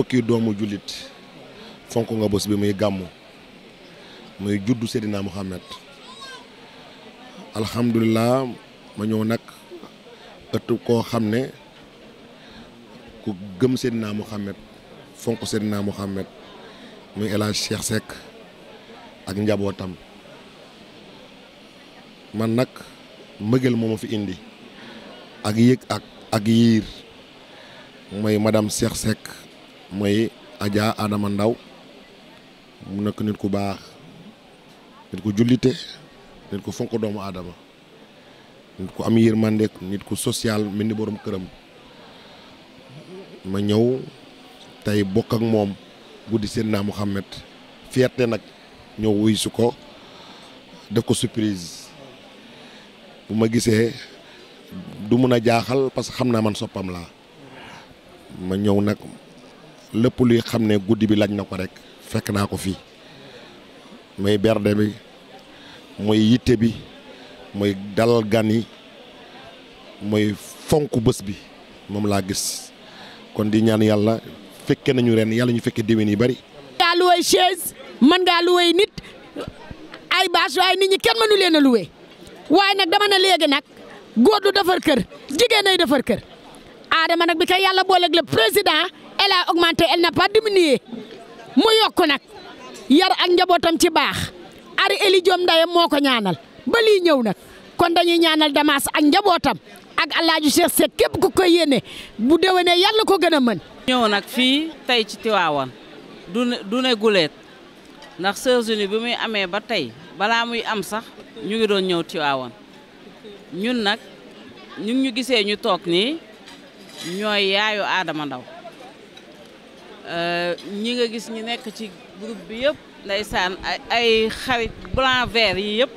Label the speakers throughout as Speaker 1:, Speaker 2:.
Speaker 1: képp doomu jullit fonk nga bés bi muy gàmmu muy juddu Seydina Muhammad alhamdulilah ma ñëw nag ëtt koo xam ne ku gëm Seydina Muhammad fonk Seydina Muhammad muy El Hadj Cheikh Seck ak njabootam man nag mbëggeel moo ma fi indi ak yëg ak ak yiir mooy madame Cheikh Seck mooy ajaa Adama Ndaw mu nekk nit ku baax nit ku jullite nit ku fonk doomu aadama nit ku am yërmande nit ku social mel ni borom këram ma ñëw tey bokk ak moom guddi Seydina Mouhamed fierté nag ñëw wuy su ko def ko surprise bu ma gisee du mun a jaaxal parce que xam naa man soppam laa ma ñëw nag lépp luy xam ne guddi bi laaj na ko rek fekk naa ko fii mooy berde bi mooy yitte bi muy dalal mooy fonk bés bi moom laa gis kon di ñaan yàlla fekke nañu ren yàlla ñu fekke déwén yi bari
Speaker 2: ngaa luwee chaise mën ngaa luwee nit ay bâche waaye nit ñi kenn mënu leen a luwee waaye nag dama ne léegi nag góor du defar kër jigéen ay defar kër aadama nag bi kay yàlla booleeg le président elle a augmenté elle n'a pas diminué mu yokk nag yar ak njabootam ci baax Ari Eli Diom ndayam moo ko ñaanal ba lii ñëw nag kon dañuy ñaanal Damas ak njabootam ak Alaaji Cheikh Seck képp ku koy yéene bu déwénee yàlla ko gën a mën. ñëw nag fii tey ci Tiwaawan du ne du ne guleet ndax Sœurs Unies bi muy amee ba tey balaa muy am sax ñu ngi doon ñëw Tiwaawan ñun nag ñu ñu gisee ñu toog nii ñooy yaayu aadama Ndaw Euh, ñi nga gis ñi nekk ci groupe bi yëpp saan ay xarit blanc vert yi yëpp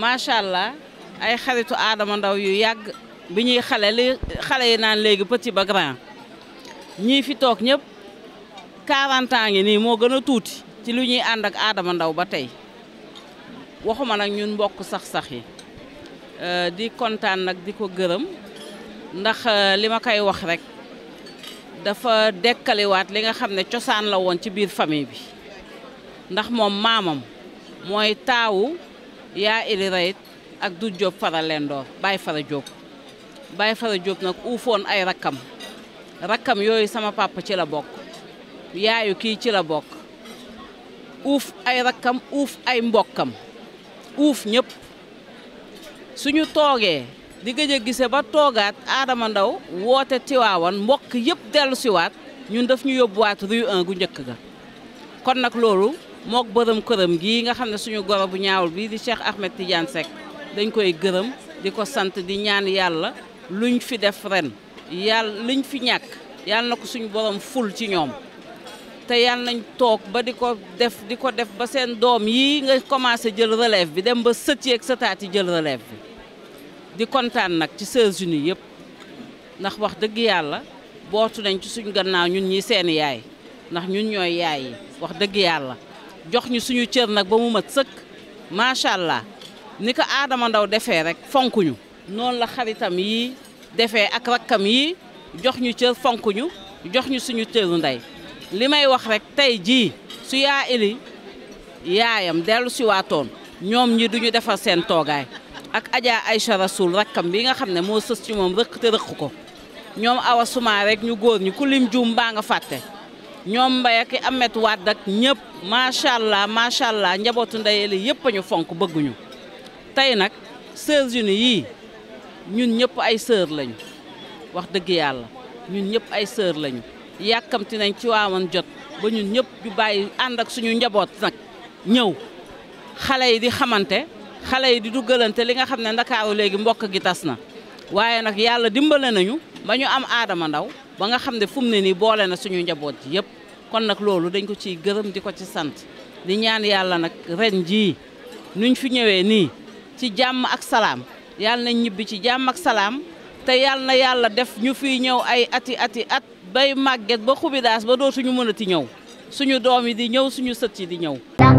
Speaker 2: macha allah ay xaritu aadama ndaw yu yàgg bi ñuy xale li xale yi naan léegi petit ba grand ñii fi toog ñëpp 40 ans nii moo gën a tuuti ci lu ñuy ànd ak aadama ndaw ba tey waxuma nag ñun mbokk sax-sax yi euh, di kontaan nag di ko gërëm ndax euh, li ma koy wax rek dafa dekkaliwaat li nga xam ne cosaan la woon ci biir famille bi ndax moom maamam mooy taawu yaa ili rayit ak du jóob fara lendoor bàyyi fara jóob bàyyi fara jóob nag uufoon ay rakkam rakkam yooyu sama papa ci la bokk yaayu kii ci la bokk uuf ay rakkam uuf ay mbokkam uuf ñëpp suñu di gëj a gise ba toogaat Adama Ndaw woote Tiwaawan mbokk yëpp dellu siwaat ñun def ñu yóbbuwaat rue 1 gu njëkk ga kon nag loolu mook bërëm këram gii nga xam ne suñu goro bu ñaawul bi di Cheikh Ahmed Tidiane Seck dañ koy gërëm di ko sant di ñaan yàlla luñ fi def ren yàlla luñ fi ñàkk yàlla na ko suñu borom ful ci ñoom te yàlla nañ toog ba di ko def di ko def ba seen doom yi nga commencé jël relève bi dem ba sët yeeg sëtaat yi jël relève bi di kontaan nag ci États-Unis yëpp ndax wax dëgg yàlla bootu nañ ci suñu gannaaw ñun ñi seen yaay ndax ñun ñooy yaay yi wax dëgg yàlla jox ñu suñu cër nag ba mu mat sëkk macha allah ni ko Adama Ndaw defee rek fonkuñu noonu la xaritam yii defee ak rakkam yi jox ñu cër fonkuñu jox ñu suñu cëru ndey li may wax rek tey jii su yaa ili yaayam dellu si waatoon ñoom ñi duñu defar seen toogaay ak Adja Aïcha Rasoul rakkam bi nga xam ne moo sës ci moom rëkk te rëkk ko ñoom Awa Soumaré rek ñu góor ñu ku lim juum baa nga fàtte ñoom Mbaye ak Amet Wade ñëpp macha allah macha allah njabootu ndeyeli yëpp ñu fonk bëgguñu tey nag sœurs unis yii ñun ñëpp ay sœur lañu wax dëgg yàlla ñun ñëpp ay sœur lañu yàkkamti nañ ci waawoon jot ba ñun ñëpp ñu bàyyi ànd ak suñu njaboot nag ñëw xale yi di xamante. xale yi di duggalante li nga xam ne ndakaaru léegi mbokk gi tas na waaye nag yàlla dimbale nañu ba ñu am aadama ndaw ba nga xam ne fu ne nii boole na suñu njaboot ji yëpp kon nag loolu dañ ko ciy gërëm di ko ci sant di ñaan yàlla nag ren jii nuñ fi ñëwee nii ci jàmm ak salaam yàlla nañ ñibbi ci jàmm ak salaam te yàlla na yàlla def ñu fiy ñëw ay ati ati at bay màgget ba xubidaas ba dootuñu mënati ñëw suñu doom yi di ñëw suñu sët yi di ñëw